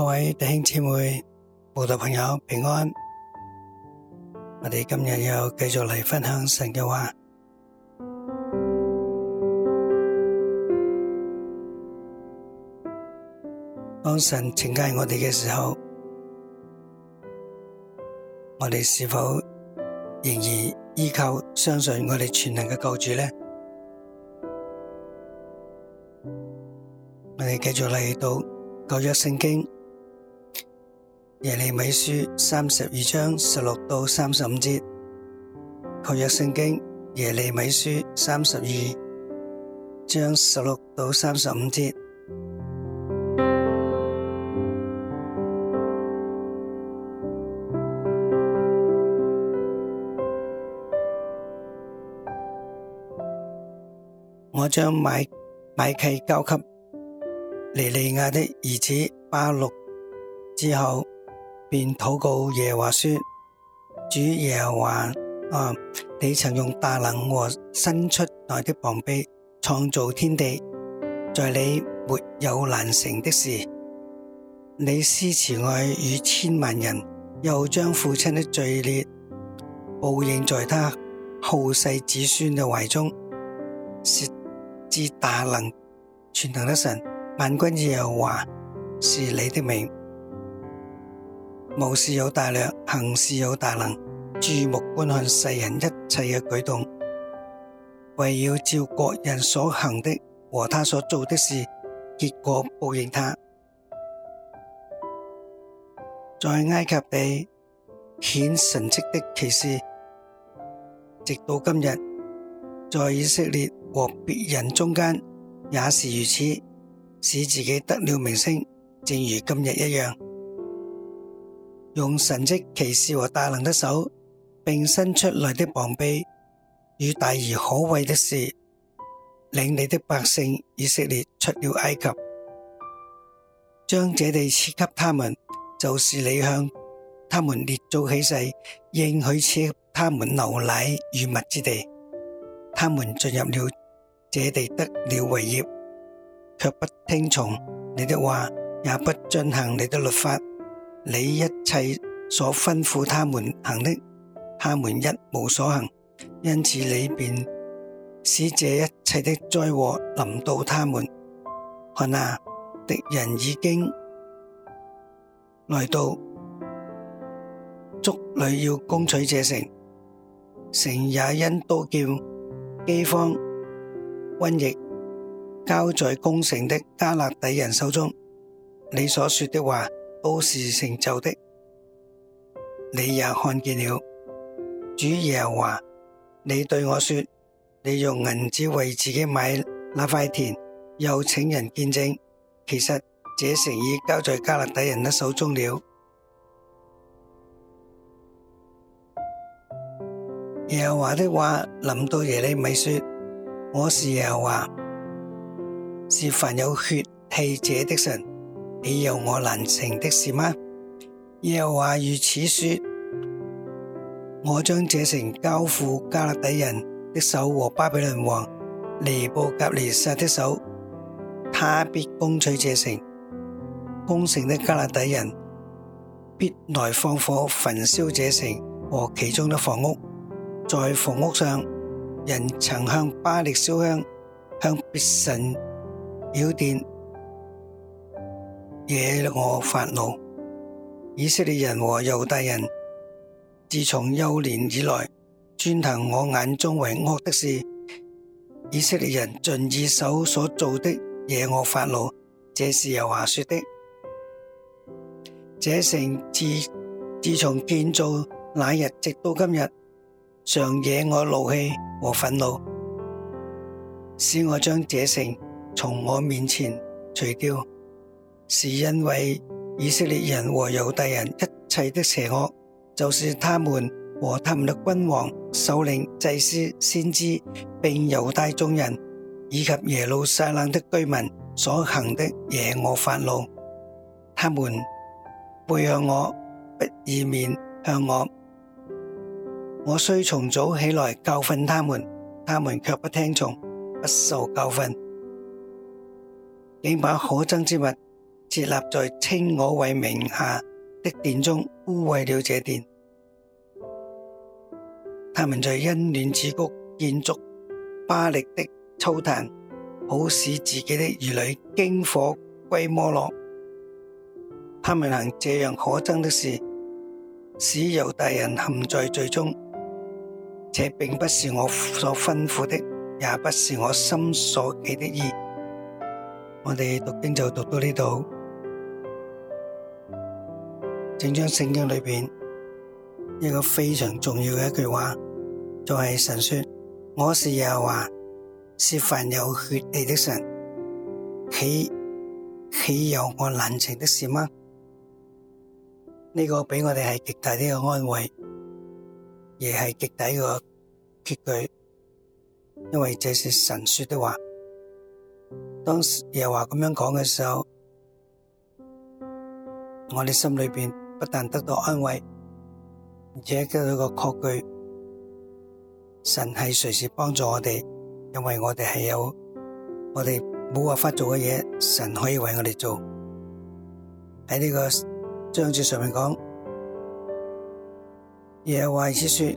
各位弟兄姊妹、慕道朋友平安，我哋今日又繼續嚟分享神嘅話。當神懲戒我哋嘅時候，我哋是否仍然依靠、相信我哋全能嘅救主呢？我哋繼續嚟讀舊約聖經。耶利米書三十二章十六到三十五節，求若聖經耶利米書三十二章十六到三十五節，我將買買契交給尼利亞的兒子巴錄之後。便禱告耶和華說：主耶和華啊，你曾用大能和伸出來的膀臂創造天地，在你沒有難成的事，你施慈愛與千萬人，又將父親的罪孽報應在他後世子孫嘅懷中，是至大能全能的神。萬軍之耶和華是你的名。謀事有大量，行事有大能，注目觀看世人一切嘅舉動，圍繞照各人所行的和他所做的事，結果報應他。在埃及地顯神蹟的騎士，直到今日，在以色列和別人中間也是如此，使自己得了名聲，正如今日一樣。用神蹟、奇事和大能的手，並伸出來的膀臂，與大而可畏的事，領你的百姓以色列出了埃及，將這地賜給他們，就是你向他們列祖起誓應許賜給他們牛奶與蜜之地。他們進入了這地，得了為業，卻不聽從你的話，也不遵行你的律法。你一切所吩咐他們行的，他們一無所行，因此你便使這一切的災禍臨到他們。看哪，敵人已經來到，築壘要攻取這城，城也因刀劍飢荒瘟疫，交在攻城的迦勒底人手中。你所說的話。都是成就的，你也看見了。主耶和華，你對我說：你用銀子為自己買那塊田，又請人見證。其實這城已交在迦勒底人的手中了。耶和華的話臨到耶利米說：我是耶和華，是凡有血氣者的神。你有我難成的事嗎？耶和華如此說，我將這城交付加勒底人的手和巴比倫王尼布甲尼撒的手，他必攻取這城。攻城的加勒底人必來放火焚燒這城和其中的房屋，在房屋上人曾向巴力燒香，向別神澆奠。惹我發怒，以色列人和猶大人自從幼年以來，專行我眼中為惡的事。以色列人盡以手所做的惹我發怒，這是耶和華說的。這城自自從建造那日直到今日，常惹我怒氣和憤怒，使我將這城從我面前除掉。是因為以色列人和猶大人一切的邪惡，就是他們和他們的君王、首領、祭司、先知，並猶大眾人以及耶路撒冷的居民所行的惹我發怒。他們背向我，不以面向我。我雖從早起來教訓他們，他們却不聽從，不受教訓，竟把可憎之物。設立在稱我為名下的殿中，污穢了這殿。他們在欣嫩子谷建築巴力的邱壇，好使自己的兒女經火歸摩洛。他們行這樣可憎的事，使猶大人陷在罪中。這並不是我所吩咐的，也不是我心所起的意。我哋讀經就讀到呢度。整張聖經裏邊一個非常重要嘅一句話，就係、是、神說：我是耶和華，是凡有血氣的神，豈豈有我冷情的事嗎？呢、這個俾我哋係極大啲嘅安慰，亦係極大嘅絕句，因為這是神說的話。當時耶和華咁樣講嘅時候，我哋心裏邊。不但得到安慰，而且得到個確據，神係隨時幫助我哋，因為我哋係有，我哋冇辦法做嘅嘢，神可以為我哋做。喺呢個章節上面講，耶和華說：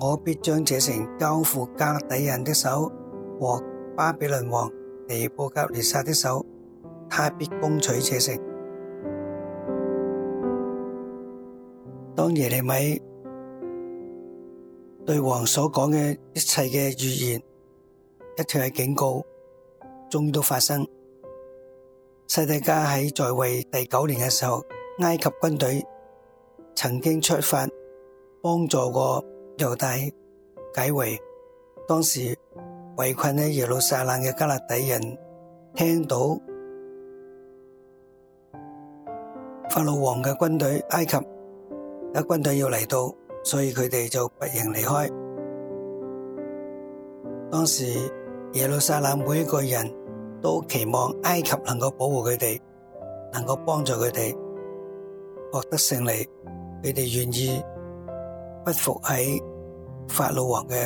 我必將這城交付加勒底人的手和巴比倫王尼布甲尼撒的手，他必攻取這城。當耶利米對王所講嘅一切嘅預言，一切嘅警告，終於都發生。西底家喺在，在位第九年嘅時候，埃及軍隊曾經出發幫助過猶大解圍，當時圍困喺耶路撒冷嘅加勒底人，聽到法老王嘅軍隊埃及。一軍隊要嚟到，所以佢哋就不應離開。當時耶路撒冷每一個人都期望埃及能夠保護佢哋，能夠幫助佢哋獲得勝利。佢哋願意不服喺法老王嘅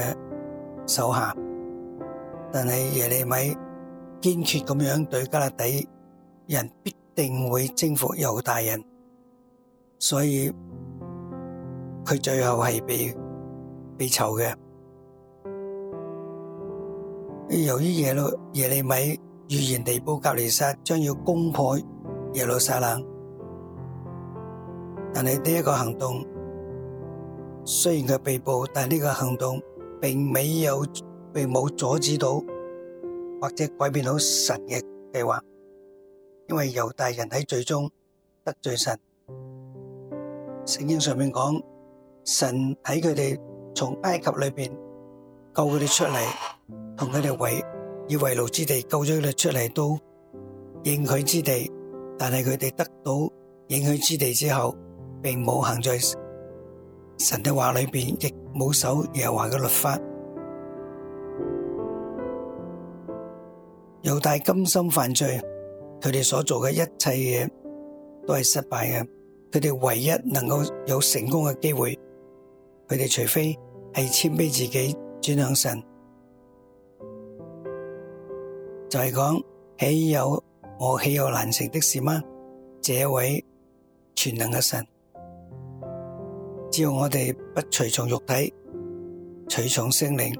手下，但係耶利米堅決咁樣對加勒底人必定會征服猶大人，所以。佢最後係被被囚嘅。由於耶路耶利米預言地尼布甲尼撒將要攻破耶路撒冷，但係呢一個行動雖然佢被捕，但係呢個行動並未有並冇阻止到或者改變到神嘅計劃，因為猶大人喺最終得罪神。聖經上面講。神喺佢哋從埃及裏邊救佢哋出嚟，同佢哋為以為奴之地救咗佢哋出嚟都應許之地，但係佢哋得到應許之地之後，並冇行在神嘅話裏邊，亦冇守耶和華嘅律法，猶大甘心犯罪，佢哋所做嘅一切嘢都係失敗嘅，佢哋唯一能夠有成功嘅機會。佢哋除非係謙卑自己轉向神，就係講，豈有我豈有難成的事嗎？這位全能嘅神，只要我哋不隨從肉體，隨從聖靈，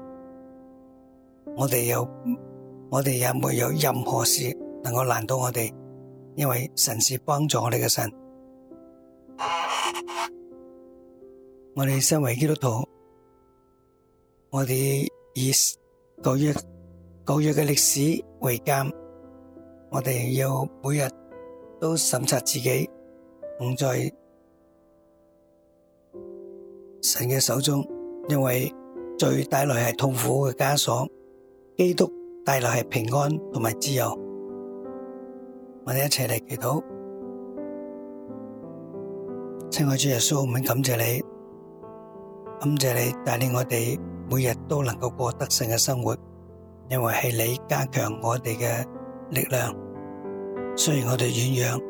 我哋又，我哋也沒有任何事能夠難到我哋，因為神是幫助我哋嘅神。我哋身為基督徒，我哋以舊約舊約嘅歷史為鑒，我哋要每日都審查自己，唔在神嘅手中。因為罪帶來係痛苦嘅枷鎖，基督帶來係平安同埋自由。我哋一齊嚟祈禱，親愛主耶穌，唔該感謝你。感謝你帶領我哋每日都能夠過得勝嘅生活，因為係你加強我哋嘅力量。雖然我哋軟弱，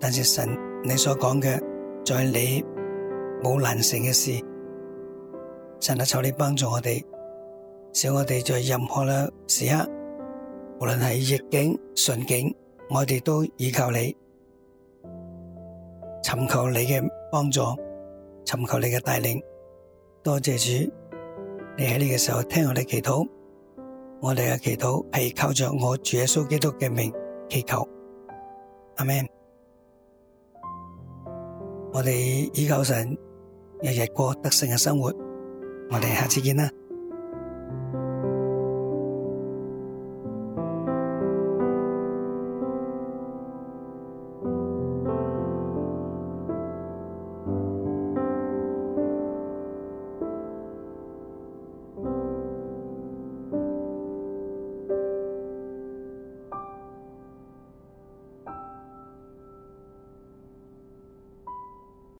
但是神，你所講嘅在你冇難成嘅事，神啊，求你幫助我哋，使我哋在任何呢時刻，無論係逆境順境，我哋都依靠你，尋求你嘅幫助。尋求你嘅帶領，多謝主，你喺呢個時候聽我哋祈禱，我哋嘅祈禱係靠着我主耶穌基督嘅名祈求，阿門。我哋依靠神，日日過得勝嘅生活。我哋下次見啦。